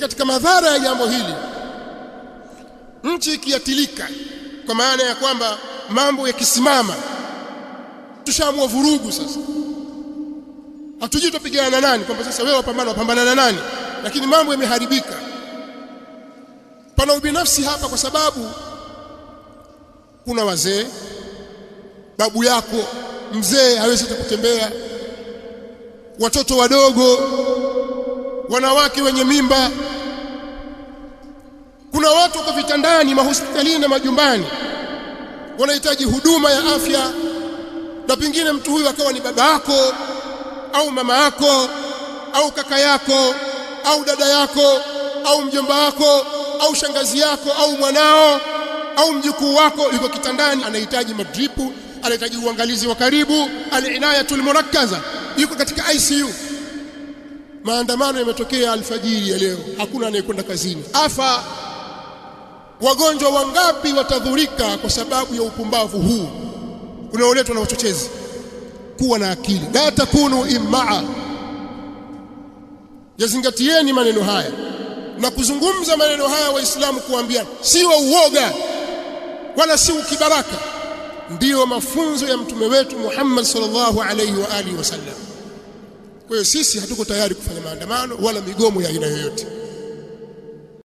katika madhara ya jambo hili nchi ikiatilika kwa maana ya kwamba mambo yakisimama tushaamua vurugu sasa hatujui tupigana na nani kwamba sasa wewe wapambana wapambana na nani lakini mambo yameharibika pana ubinafsi hapa kwa sababu kuna wazee babu yako mzee hawezi kutembea watoto wadogo wanawake wenye mimba wako vitandani mahospitalini na majumbani wanahitaji huduma ya afya na pengine mtu huyu akawa ni baba yako au mama yako au kaka yako au dada yako au mjomba wako au shangazi yako au mwanao au mjukuu wako yuko kitandani anahitaji madripu anahitaji uangalizi wa karibu alinayatul murakkaza yuko katika ICU maandamano yametokea alfajiri ya leo hakuna anayekwenda kazini afa Wagonjwa wangapi watadhurika kwa sababu ya upumbavu huu unaoletwa na wachochezi? Kuwa na akili. La takunu immaa, yazingatieni maneno haya na kuzungumza maneno haya, Waislamu kuambia, si wa uoga wala si ukibaraka. Ndiyo mafunzo ya mtume wetu Muhammad sallallahu alaihi wa alihi wasallam. Kwa hiyo sisi hatuko tayari kufanya maandamano wala migomo ya aina yoyote.